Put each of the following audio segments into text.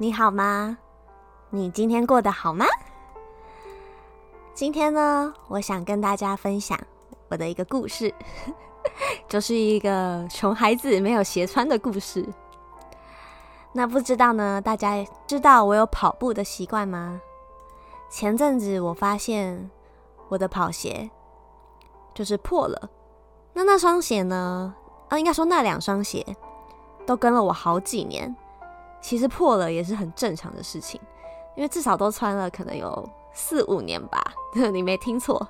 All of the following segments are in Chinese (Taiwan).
你好嗎？你今天過得好嗎？今天呢，我想跟大家分享我的一個故事， 就是一個窮孩子沒有鞋穿的故事。那不知道呢，大家知道我有跑步的習慣嗎？前陣子我發現我的跑鞋就是破了。那那雙鞋呢？啊，應該說那兩雙鞋都跟了我好幾年。其實破了也是很正常的事情，因為至少都穿了可能有四五年吧。 你沒聽錯，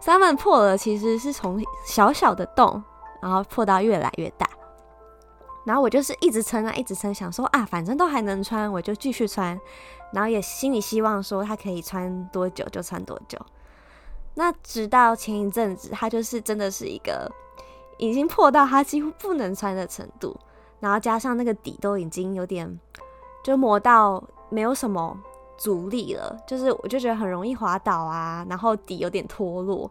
三 萬破了其實是從小小的洞，然後破到越來越大。然後我就是一直撐啊，一直撐，想說啊，反正都還能穿，我就繼續穿。然後也心裡希望說它可以穿多久就穿多久。那直到前一陣子，它就是真的是一個已經破到它幾乎不能穿的程度。然後加上那個底都已經有點，就磨到沒有什麼阻力了，就是我就覺得很容易滑倒啊，然後底有點脫落，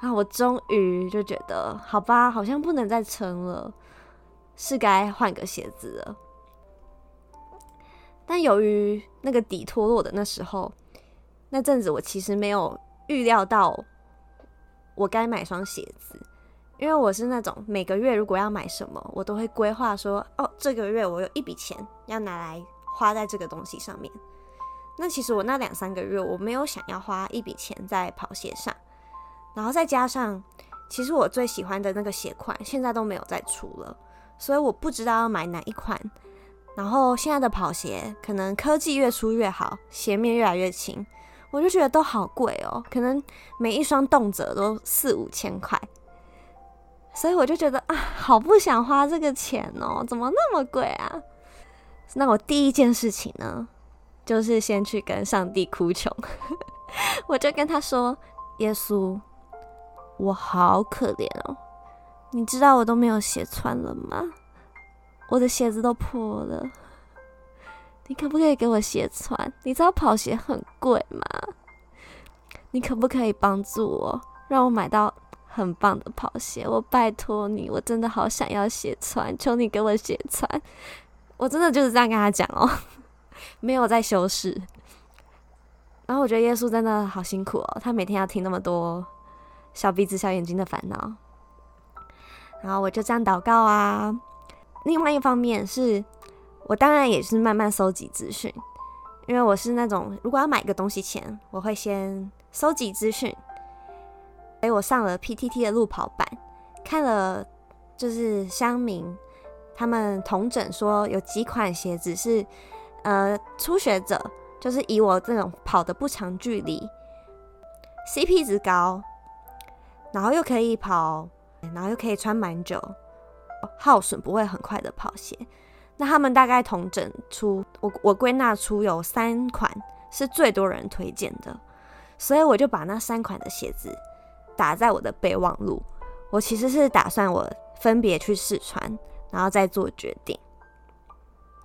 啊，我終於就覺得好吧，好像不能再撐了，是該換個鞋子了。但由於那個底脫落的那時候，那陣子我其實沒有預料到我該買雙鞋子，因為我是那種每個月如果要買什麼，我都會規劃說，哦，這個月我有一筆錢要拿來花在這個東西上面。那其實我那兩三個月我沒有想要花一筆錢在跑鞋上，然後再加上，其實我最喜歡的那個鞋款現在都沒有再出了，所以我不知道要買哪一款。然後現在的跑鞋可能科技越出越好，鞋面越來越輕，我就覺得都好貴哦，可能每一雙動輒都四五千塊。所以我就覺得啊，好不想花這個錢哦、喔，怎麼那麼貴啊？那我第一件事情呢，就是先去跟上帝哭窮。 我就跟他說：“耶穌，我好可憐哦、喔，你知道我都沒有鞋穿了嗎？我的鞋子都破了，你可不可以給我鞋穿？你知道跑鞋很貴嗎？你可不可以幫助我，讓我買到？”很棒的跑鞋，我拜託你，我真的好想要鞋穿，求你給我鞋穿，我真的就是這樣跟他講哦，沒有在修飾。然後我覺得耶穌真的好辛苦哦，他每天要聽那麼多小鼻子小眼睛的煩惱。然後我就這樣禱告啊。另外一方面是我當然也是慢慢收集資訊，因為我是那種如果要買一個東西前，我會先收集資訊。所以我上了 PTT 的路跑版，看了就是鄉民他們同整說有幾款鞋子是呃，初學者，就是以我這種跑的不長距離，CP 值高，然後又可以跑，然後又可以穿蠻久，耗損不會很快的跑鞋。那他們大概同整出我，我歸納出有三款是最多人推薦的，所以我就把那三款的鞋子打在我的備忘錄。我其實是打算我分別去試穿，然後再做決定。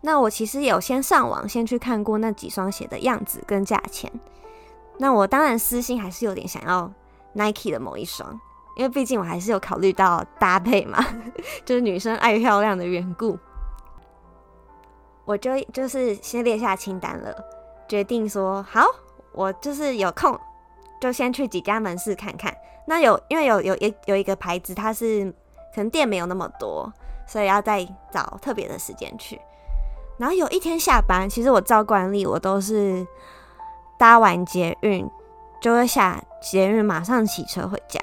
那我其實有先上網，先去看過那幾雙鞋的樣子跟價錢。那我當然私心還是有點想要 Nike 的某一雙，因為畢竟我還是有考慮到搭配嘛， 就是女生愛漂亮的緣故。我就就是先列下清單了，決定說好，我就是有空。就先去幾家門市看看。那有，因為有有一有一個牌子，它是可能店沒有那麼多，所以要再找特別的時間去。然後有一天下班，其實我照慣例，我都是搭完捷運就會下捷運，馬上騎車回家。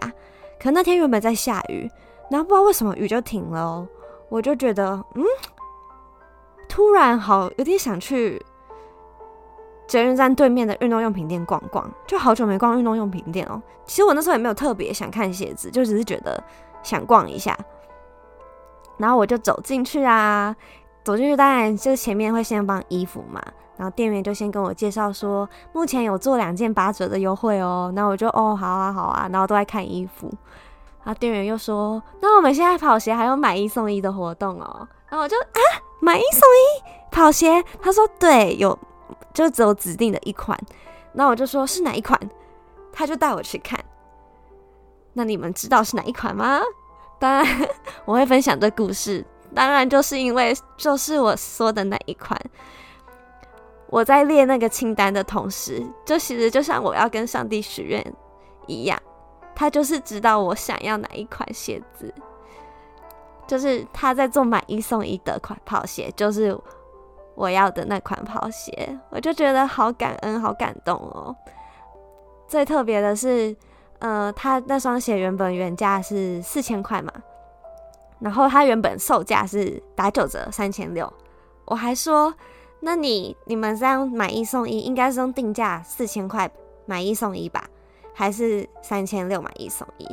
可那天原本在下雨，然後不知道為什麼雨就停了哦，我就覺得嗯，突然好有點想去。學院站對面的運動用品店逛逛，就好久沒逛運動用品店哦，喔。其實我那時候也沒有特別想看鞋子，就只是覺得想逛一下。然後我就走進去啊，走進去當然就是前面會先放衣服嘛。然後店員就先跟我介紹說，目前有做兩件八折的優惠，喔，然後哦。那我就哦好啊好啊，然後都在看衣服。然後店員又說，那我們現在跑鞋還有買一送一的活動哦，喔。然後我就啊買一送一 跑鞋，他說對有。就只有指定的一款，那我就說是哪一款？他就帶我去看。那你們知道是哪一款嗎？當然我會分享這故事，當然就是因為就是我說的那一款。我在列那個清單的同時，就其實就像我要跟上帝許願一樣，他就是知道我想要哪一款鞋子，就是他在做買一送一的款跑鞋，就是。我要的那款跑鞋，我就覺得好感恩、好感動哦。最特別的是，呃，他那雙鞋原本原價是四千塊嘛，然後他原本售價是打九折三千六。我還說，那你你們這樣買一送一，應該是用定價四千塊買一送一吧，還是三千六買一送一？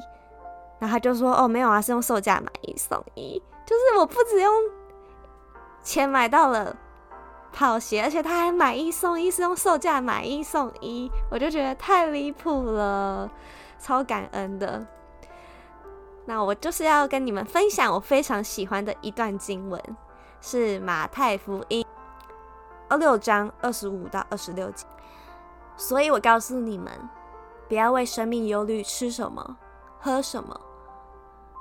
然後他就說，哦，沒有啊，是用售價買一送一，就是我不只用錢買到了。跑鞋，而且他還買一送一，是用售價買一送一，我就覺得太離譜了，超感恩的。那我就是要跟你們分享我非常喜歡的一段經文，是馬太福音二六章二十五到二十六節。所以我告訴你們，不要為生命憂慮吃什麼，喝什麼；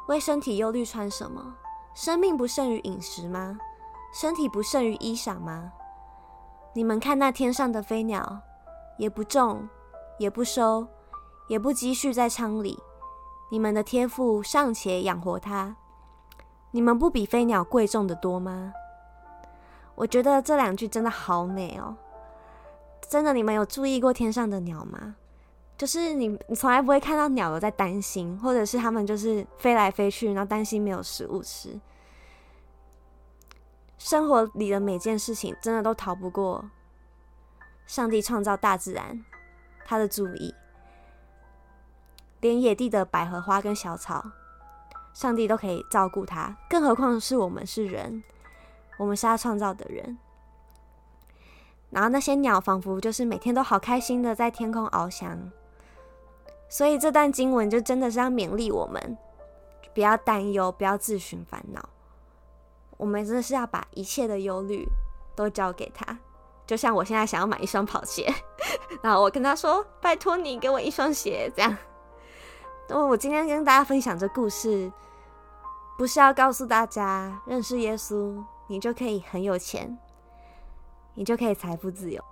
為身體憂慮穿什麼。生命不勝於飲食嗎？身體不勝於衣裳嗎？你們看那天上的飛鳥，也不種，也不收，也不積蓄在倉裡，你們的天父尚且養活它，你們不比飛鳥貴重得多嗎？我覺得這兩句真的好美哦，真的，你們有注意過天上的鳥嗎？就是你，你從來不會看到鳥有在擔心，或者是它們就是飛來飛去，然後擔心沒有食物吃。生活裡的每件事情，真的都逃不過上帝創造大自然他的注意。連野地的百合花跟小草，上帝都可以照顧他，更何況是我們是人，我們是他創造的人。然後那些鳥仿佛就是每天都好開心的在天空翱翔，所以這段經文就真的是要勉勵我們，不要擔憂，不要自尋煩惱。我們真的是要把一切的憂慮都交給他，就像我現在想要買一雙跑鞋，然後我跟他說：“拜托你給我一雙鞋，這樣。”我今天跟大家分享這故事，不是要告訴大家認識耶穌，你就可以很有錢，你就可以財富自由。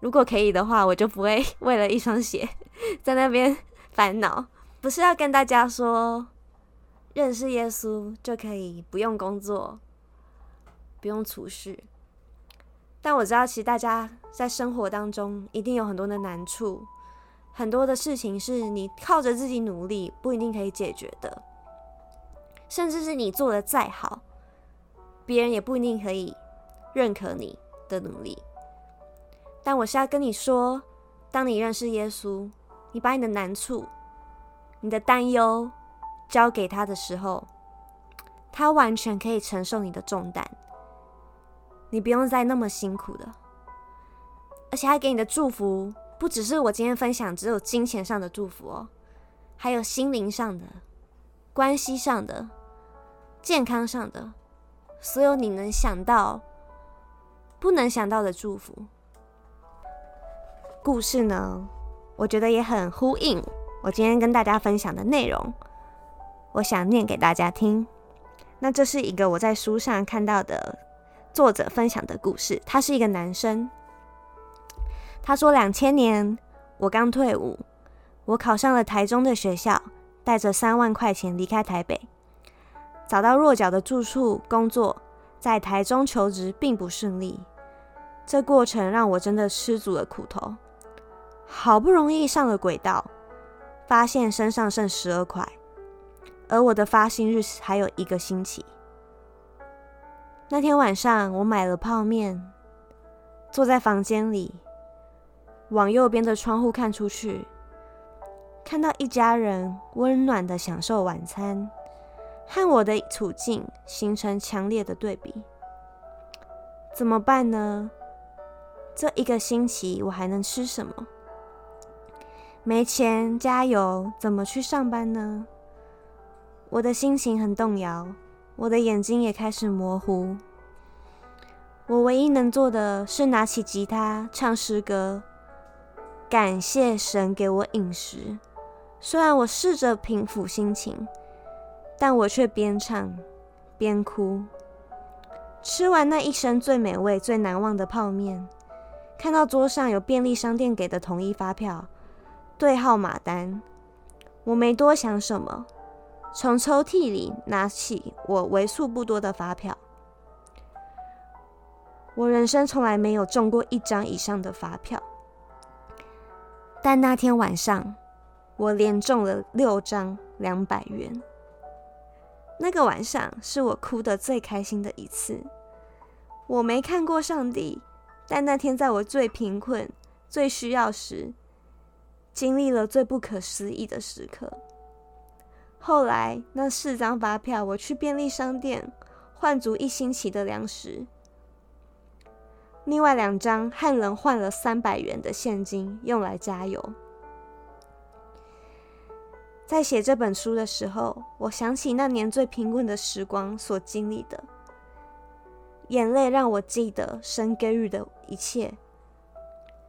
如果可以的話，我就不會為了一雙鞋在那邊煩惱。不是要跟大家說。認識耶穌就可以不用工作，不用處事。但我知道，其實大家在生活當中一定有很多的難處，很多的事情是你靠着自己努力不一定可以解決的，甚至是你做得再好，別人也不一定可以認可你的努力。但我是要跟你說，當你認識耶穌，你把你的難處、你的擔憂。交給他的時候，他完全可以承受你的重擔。你不用再那麼辛苦了。而且，他給你的祝福不只是我今天分享，只有金錢上的祝福哦，還有心靈上的、關係上的、健康上的，所有你能想到、不能想到的祝福。故事呢，我覺得也很呼應我今天跟大家分享的內容。我想念給大家聽。那這是一個我在書上看到的作者分享的故事。他是一個男生。他說：“兩千年，我剛退伍，我考上了台中的學校，帶着三萬塊錢離開台北，找到落腳的住處工作，在台中求職並不順利。這過程讓我真的吃足了苦頭。好不容易上了軌道，發現身上剩十二塊。”而我的發薪日還有一個星期。那天晚上，我買了泡麵，坐在房間裡，往右邊的窗戶看出去，看到一家人溫暖的享受晚餐，和我的處境形成強烈的對比。怎麼辦呢？這一個星期我還能吃什麼？沒錢加油，怎麼去上班呢？我的心情很動搖，我的眼睛也開始模糊。我唯一能做的，是拿起吉他唱詩歌，感謝神給我飲食。雖然我試着平復心情，但我卻邊唱邊哭。吃完那一生最美味、最難忘的泡麵，看到桌上有便利商店給的統一發票、對號碼單，我沒多想什麼。從抽屜裡拿起我為數不多的發票，我人生從來沒有中過一張以上的發票，但那天晚上我連中了六張兩百元。那個晚上是我哭得最開心的一次。我沒看過上帝，但那天在我最貧困、最需要時，經歷了最不可思議的時刻。後來，那四張發票，我去便利商店換足一星期的糧食。另外兩張，漢人換了三百元的現金，用來加油。在寫這本書的時候，我想起那年最貧困的時光所經歷的，眼淚讓我記得神給予的一切，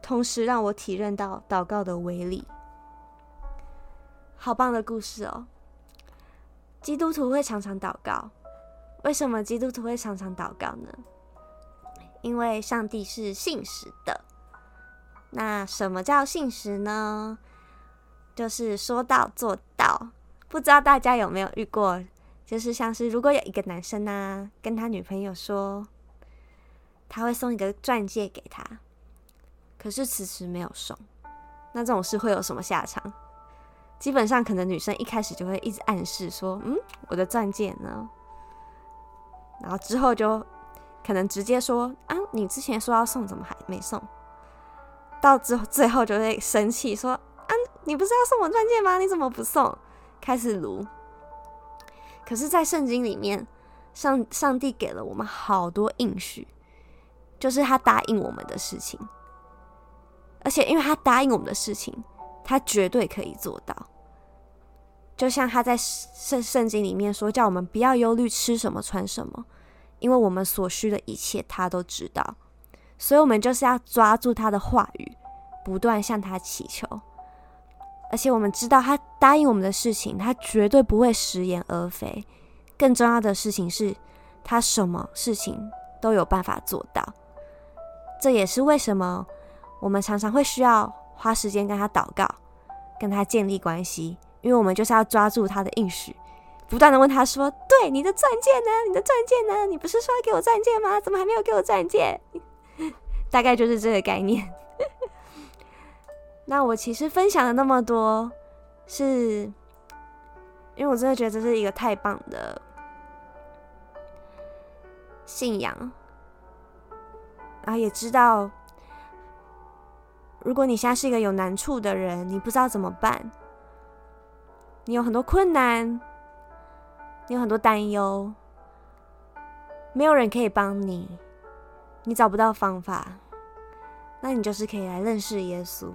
同時讓我體認到禱告的威力。好棒的故事哦！基督徒會常常禱告，為什麼基督徒會常常禱告呢？因為上帝是信實的。那什麼叫信實呢？就是說到做到。不知道大家有沒有遇過，就是像是如果有一個男生啊，跟他女朋友說他會送一個鑽戒給他，可是遲遲沒有送，那這種事會有什麼下場？基本上，可能女生一開始就會一直暗示說：“嗯，我的鑽戒呢？”然後之後就可能直接說：“啊，你之前說要送，怎麼還沒送？”到之後最後就會生氣說：“啊，你不是要送我鑽戒嗎？你怎麼不送？”開始盧。可是，在聖經裡面，上上帝給了我們好多應許，就是他答應我們的事情，而且因為他答應我們的事情。他絕對可以做到，就像他在聖聖經裡面說，叫我們不要憂慮吃什麼穿什麼，因為我們所需的一切他都知道。所以，我們就是要抓住他的話語，不斷向他祈求。而且，我們知道他答應我們的事情，他絕對不會食言而肥。更重要的事情是，他什麼事情都有辦法做到。這也是為什麼我們常常會需要。花時間跟他禱告，跟他建立關係，因為我們就是要抓住他的應許，不斷的問他說：“對，你的鑽戒呢？你的鑽戒呢？你不是說要給我鑽戒嗎？怎麼還沒有給我鑽戒？” 大概就是這個概念。 那我其實分享了那麼多，是，因為我真的覺得這是一個太棒的信仰，啊，也知道。如果你現在是一個有難處的人，你不知道怎麼辦，你有很多困難，你有很多擔憂，沒有人可以幫你，你找不到方法，那你就是可以來認識耶穌，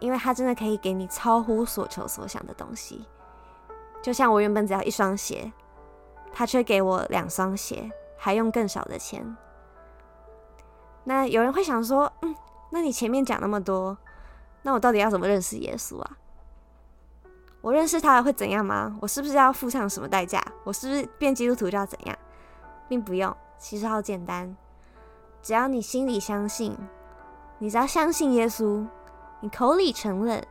因為他真的可以給你超乎所求所想的東西。就像我原本只要一雙鞋，他卻給我兩雙鞋，還用更少的錢。那有人會想說，嗯。那你前面講那麼多，那我到底要怎麼認識耶穌啊？我認識他會怎樣嗎？我是不是要付上什麼代價？我是不是變基督徒就要怎樣？並不用，其實好簡單，只要你心裡相信，你只要相信耶穌，你口裡承認，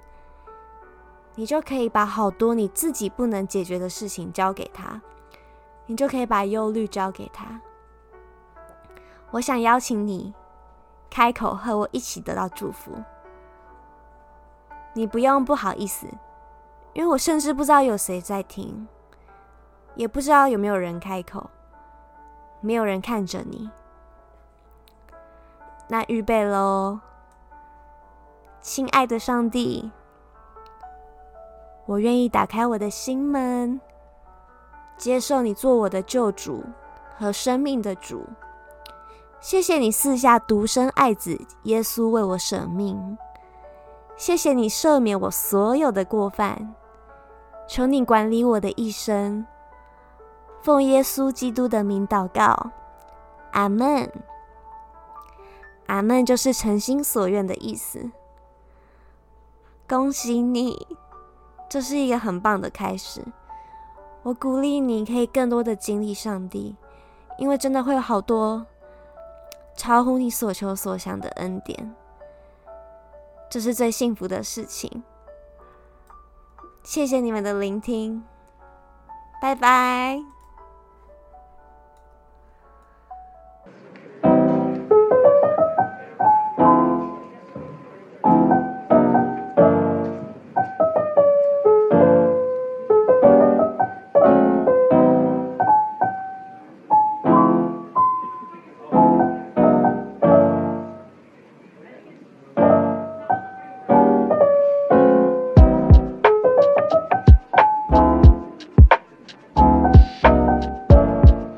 你就可以把好多你自己不能解決的事情交給他，你就可以把憂慮交給他。我想邀請你。開口和我一起得到祝福。你不用不好意思，因為我甚至不知道有誰在聽，也不知道有沒有人開口，沒有人看着你。那預備嘍，親愛的上帝，我願意打開我的心門，接受你做我的救主和生命的主。謝謝你賜下獨生愛子耶穌為我捨命，謝謝你赦免我所有的過犯，求你管理我的一生。奉耶穌基督的名禱告，阿門。阿門就是誠心所願的意思。恭喜你，這是一個很棒的開始。我鼓勵你可以更多的經歷上帝，因為真的會有好多超乎你所求所想的恩典，這是最幸福的事情。謝謝你們的聆聽，拜拜。